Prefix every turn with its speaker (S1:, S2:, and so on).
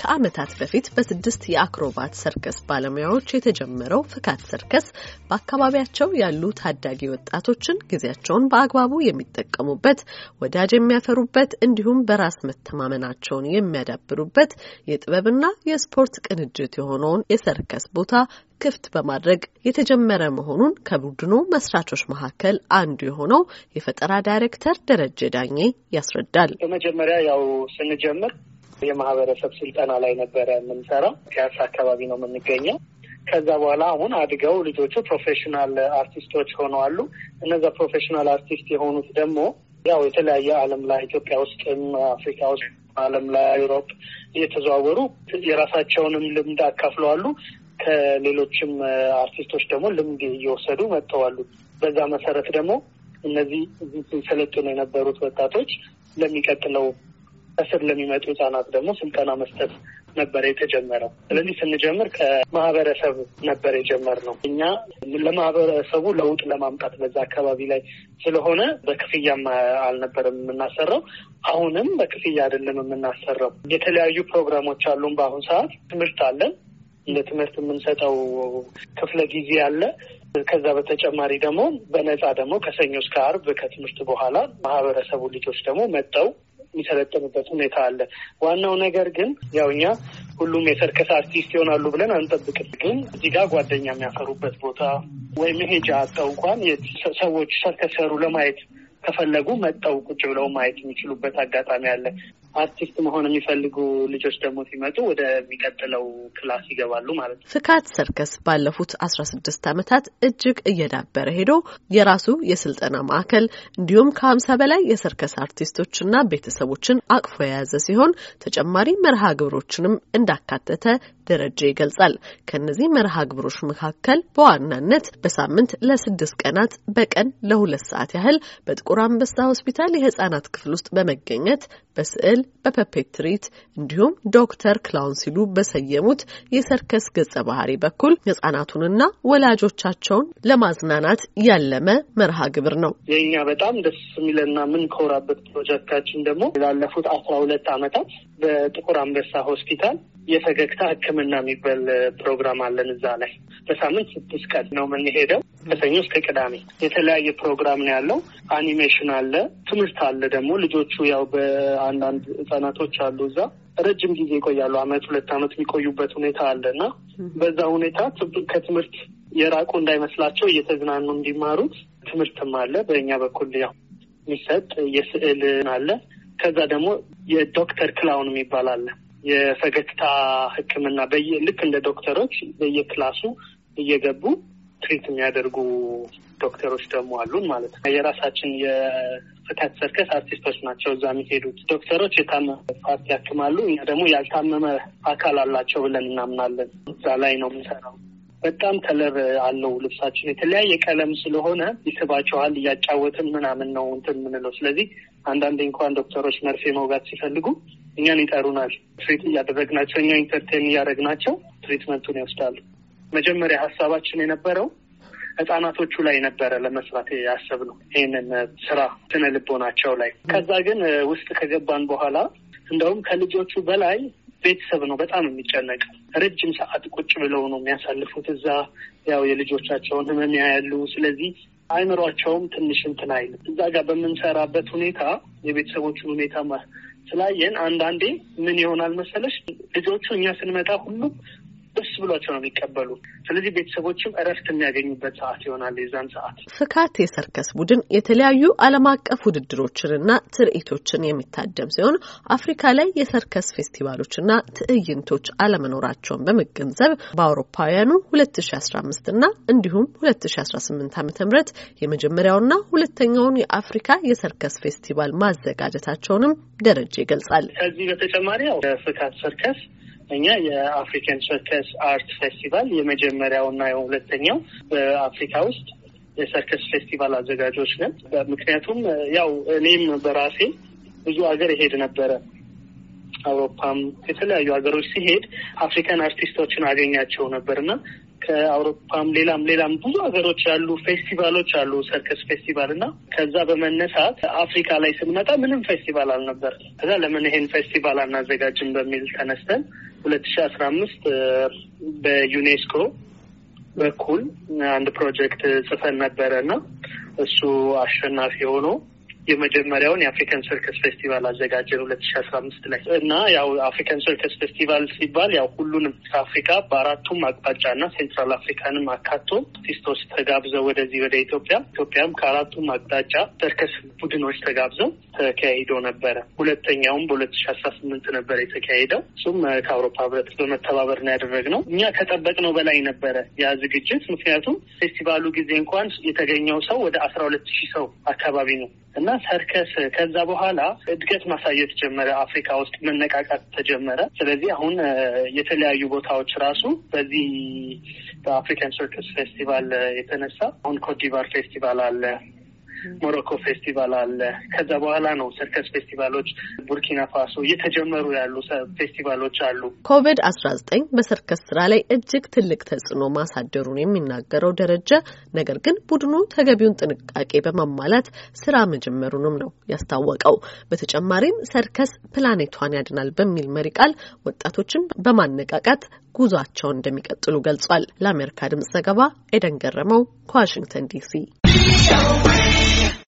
S1: ከዓመታት በፊት በስድስት የአክሮባት ሰርከስ ባለሙያዎች የተጀመረው ፍካት ሰርከስ በአካባቢያቸው ያሉ ታዳጊ ወጣቶችን ጊዜያቸውን በአግባቡ የሚጠቀሙበት፣ ወዳጅ የሚያፈሩበት እንዲሁም በራስ መተማመናቸውን የሚያዳብሩበት የጥበብና የስፖርት ቅንጅት የሆነውን የሰርከስ ቦታ ክፍት በማድረግ የተጀመረ መሆኑን ከቡድኑ መስራቾች መካከል አንዱ የሆነው የፈጠራ ዳይሬክተር ደረጀ ዳኜ ያስረዳል።
S2: በመጀመሪያ ያው ስንጀምር የማህበረሰብ ስልጠና ላይ ነበረ የምንሰራው። ፒያሳ አካባቢ ነው የምንገኘው። ከዛ በኋላ አሁን አድገው ልጆቹ ፕሮፌሽናል አርቲስቶች ሆነዋሉ። እነዛ ፕሮፌሽናል አርቲስት የሆኑት ደግሞ ያው የተለያየ ዓለም ላይ ኢትዮጵያ ውስጥም አፍሪካ ውስጥ ዓለም ላይ አውሮፕ እየተዘዋወሩ የራሳቸውንም ልምድ አካፍለዋሉ። ከሌሎችም አርቲስቶች ደግሞ ልምድ እየወሰዱ መጥተዋሉ። በዛ መሰረት ደግሞ እነዚህ ሰለጥነው የነበሩት ወጣቶች ለሚቀጥለው ከስር ለሚመጡ ህጻናት ደግሞ ስልጠና መስጠት ነበር የተጀመረው። ስለዚህ ስንጀምር ከማህበረሰብ ነበር የጀመርነው። እኛ ለማህበረሰቡ ለውጥ ለማምጣት በዛ አካባቢ ላይ ስለሆነ በክፍያም አልነበረም የምናሰራው። አሁንም በክፍያ አይደለም የምናሰራው። የተለያዩ ፕሮግራሞች አሉን። በአሁን ሰዓት ትምህርት አለን። እንደ ትምህርት የምንሰጠው ክፍለ ጊዜ አለ። ከዛ በተጨማሪ ደግሞ በነፃ ደግሞ ከሰኞ እስከ አርብ ከትምህርት በኋላ ማህበረሰቡ ልጆች ደግሞ መጠው የሚሰለጥንበት ሁኔታ አለ። ዋናው ነገር ግን ያው እኛ ሁሉም የሰርከስ አርቲስት ይሆናሉ ብለን አንጠብቅም። ግን እዚህ ጋር ጓደኛ የሚያፈሩበት ቦታ ወይ መሄጃ አጠው እንኳን ሰዎች ሰርከስ ሰሩ ለማየት ከፈለጉ መጠው ቁጭ ብለው ማየት የሚችሉበት አጋጣሚ አለ። አርቲስት መሆን የሚፈልጉ ልጆች ደግሞ ሲመጡ ወደሚቀጥለው ክላስ ይገባሉ ማለት ነው።
S1: ፍካት ሰርከስ ባለፉት አስራ ስድስት ዓመታት እጅግ እየዳበረ ሄዶ የራሱ የስልጠና ማዕከል እንዲሁም ከሀምሳ በላይ የሰርከስ አርቲስቶችና ቤተሰቦችን አቅፎ የያዘ ሲሆን ተጨማሪ መርሃ ግብሮችንም እንዳካተተ ደረጀ ይገልጻል። ከእነዚህ መርሃ ግብሮች መካከል በዋናነት በሳምንት ለስድስት ቀናት በቀን ለሁለት ሰዓት ያህል በጥቁር አንበሳ ሆስፒታል የህጻናት ክፍል ውስጥ በመገኘት በስዕል ሲል በፐፔትሪት እንዲሁም ዶክተር ክላውን ሲሉ በሰየሙት የሰርከስ ገጸ ባህሪ በኩል ህጻናቱንና ወላጆቻቸውን ለማዝናናት ያለመ መርሃ ግብር ነው።
S2: የኛ በጣም ደስ የሚለና የምንኮራበት ፕሮጀክታችን ደግሞ ላለፉት አስራ ሁለት አመታት በጥቁር አንበሳ ሆስፒታል የፈገግታ ህክምና የሚባል ፕሮግራም አለን። እዛ ላይ በሳምንት ስድስት ቀን ነው የምንሄደው። ከሰኞ እስከ ቅዳሜ የተለያየ ፕሮግራም ነው ያለው። አኒሜሽን አለ፣ ትምህርት አለ። ደግሞ ልጆቹ ያው በአንዳንድ ህጻናቶች አሉ እዛ ረጅም ጊዜ ይቆያሉ። አመት ሁለት አመት የሚቆዩበት ሁኔታ አለ እና በዛ ሁኔታ ከትምህርት የራቁ እንዳይመስላቸው እየተዝናኑ እንዲማሩት ትምህርትም አለ። በእኛ በኩል ያው የሚሰጥ የስዕል አለ። ከዛ ደግሞ የዶክተር ክላውን የሚባል አለ የፈገግታ ሕክምና ልክ እንደ ዶክተሮች በየክላሱ እየገቡ ትሪት የሚያደርጉ ዶክተሮች ደግሞ አሉን ማለት ነው። የራሳችን የፍካት ሰርከስ አርቲስቶች ናቸው እዛ የሚሄዱት ዶክተሮች የታመመ ፓርት ያክማሉ። እኛ ደግሞ ያልታመመ አካል አላቸው ብለን እናምናለን። እዛ ላይ ነው የምንሰራው። በጣም ከለር አለው ልብሳችን የተለያየ ቀለም ስለሆነ ይስባቸዋል። እያጫወትን ምናምን ነው እንትን የምንለው። ስለዚህ አንዳንዴ እንኳን ዶክተሮች መርፌ መውጋት ሲፈልጉ እኛን ይጠሩናል። ትሪት እያደረግናቸው እኛ ኢንተርቴን እያደረግናቸው ትሪትመንቱን ይወስዳሉ። መጀመሪያ ሀሳባችን የነበረው ህጻናቶቹ ላይ ነበረ ለመስራት ያሰብነው ይህንን ስራ ስነ ልቦናቸው ላይ። ከዛ ግን ውስጥ ከገባን በኋላ እንደውም ከልጆቹ በላይ ቤተሰብ ነው በጣም የሚጨነቅ። ረጅም ሰዓት ቁጭ ብለው ነው የሚያሳልፉት እዛ ያው የልጆቻቸውን ህመም ያያሉ። ስለዚህ አይምሯቸውም ትንሽ እንትን አይል። እዛ ጋር በምንሰራበት ሁኔታ የቤተሰቦቹን ሁኔታ ስላየን አንዳንዴ ምን ይሆናል መሰለሽ ልጆቹ እኛ ስንመጣ ሁሉም ደስ ብሏቸው ነው የሚቀበሉ። ስለዚህ ቤተሰቦችም እረፍት የሚያገኙበት ሰዓት ይሆናል የዛን ሰዓት።
S1: ፍካት የሰርከስ ቡድን የተለያዩ ዓለም አቀፍ ውድድሮችንና ትርኢቶችን የሚታደም ሲሆን አፍሪካ ላይ የሰርከስ ፌስቲቫሎችና ትዕይንቶች አለመኖራቸውን በመገንዘብ በአውሮፓውያኑ ሁለት ሺ አስራ አምስት እንዲሁም ሁለት ሺ አስራ ስምንት ዓመተ ምህረት የመጀመሪያውና ሁለተኛውን የአፍሪካ የሰርከስ ፌስቲቫል ማዘጋጀታቸውንም ደረጀ ይገልጻል።
S2: ከዚህ በተጨማሪ ያው ፍካት ሰርከስ አራተኛ የአፍሪካን ሰርከስ አርት ፌስቲቫል የመጀመሪያው እና የሁለተኛው በአፍሪካ ውስጥ የሰርከስ ፌስቲቫል አዘጋጆች ነን። ምክንያቱም ያው እኔም በራሴ ብዙ ሀገር ይሄድ ነበረ። አውሮፓም የተለያዩ ሀገሮች ሲሄድ አፍሪካን አርቲስቶችን አገኛቸው ነበር እና ከአውሮፓም ሌላም ሌላም ብዙ ሀገሮች ያሉ ፌስቲቫሎች አሉ፣ ሰርከስ ፌስቲቫል እና ከዛ በመነሳት አፍሪካ ላይ ስንመጣ ምንም ፌስቲቫል አልነበር። ከዛ ለምን ይሄን ፌስቲቫል አናዘጋጅም በሚል ተነስተን ሁለት ሺ አስራ አምስት በዩኔስኮ በኩል አንድ ፕሮጀክት ጽፈን ነበረ እና እሱ አሸናፊ ሆኖ የመጀመሪያውን የአፍሪካን ሰርከስ ፌስቲቫል አዘጋጀን ሁለት ሺ አስራ አምስት ላይ እና ያው አፍሪካን ሰርከስ ፌስቲቫል ሲባል ያው ሁሉንም ከአፍሪካ በአራቱም አቅጣጫ እና ሴንትራል አፍሪካንም አካቶ አርቲስቶች ተጋብዘው ወደዚህ ወደ ኢትዮጵያ ኢትዮጵያም ከአራቱም አቅጣጫ ሰርከስ ቡድኖች ተጋብዘው ተካሂዶ ነበረ። ሁለተኛውም በሁለት ሺ አስራ ስምንት ነበረ የተካሄደው። እሱም ከአውሮፓ ህብረት በመተባበር ነው ያደረግነው። እኛ ከጠበቅነው በላይ ነበረ ያ ዝግጅት። ምክንያቱም ፌስቲቫሉ ጊዜ እንኳን የተገኘው ሰው ወደ አስራ ሁለት ሺህ ሰው አካባቢ ነው እና ሰርከስ ከዛ በኋላ እድገት ማሳየት ጀመረ። አፍሪካ ውስጥ መነቃቃት ተጀመረ። ስለዚህ አሁን የተለያዩ ቦታዎች ራሱ በዚህ በአፍሪካን ሰርከስ ፌስቲቫል የተነሳ አሁን ኮትዲቫር ፌስቲቫል አለ ሞሮኮ ፌስቲቫል አለ። ከዛ በኋላ ነው ሰርከስ ፌስቲቫሎች ቡርኪና ፋሶ እየተጀመሩ ያሉ ፌስቲቫሎች አሉ።
S1: ኮቪድ አስራ ዘጠኝ በሰርከስ ስራ ላይ እጅግ ትልቅ ተጽዕኖ ማሳደሩን የሚናገረው ደረጀ፣ ነገር ግን ቡድኑ ተገቢውን ጥንቃቄ በማሟላት ስራ መጀመሩንም ነው ያስታወቀው። በተጨማሪም ሰርከስ ፕላኔቷን ያድናል በሚል መሪ ቃል ወጣቶችን በማነቃቃት ጉዟቸውን እንደሚቀጥሉ ገልጿል። ለአሜሪካ ድምጽ ዘገባ ኤደን ገረመው ከዋሽንግተን ዲሲ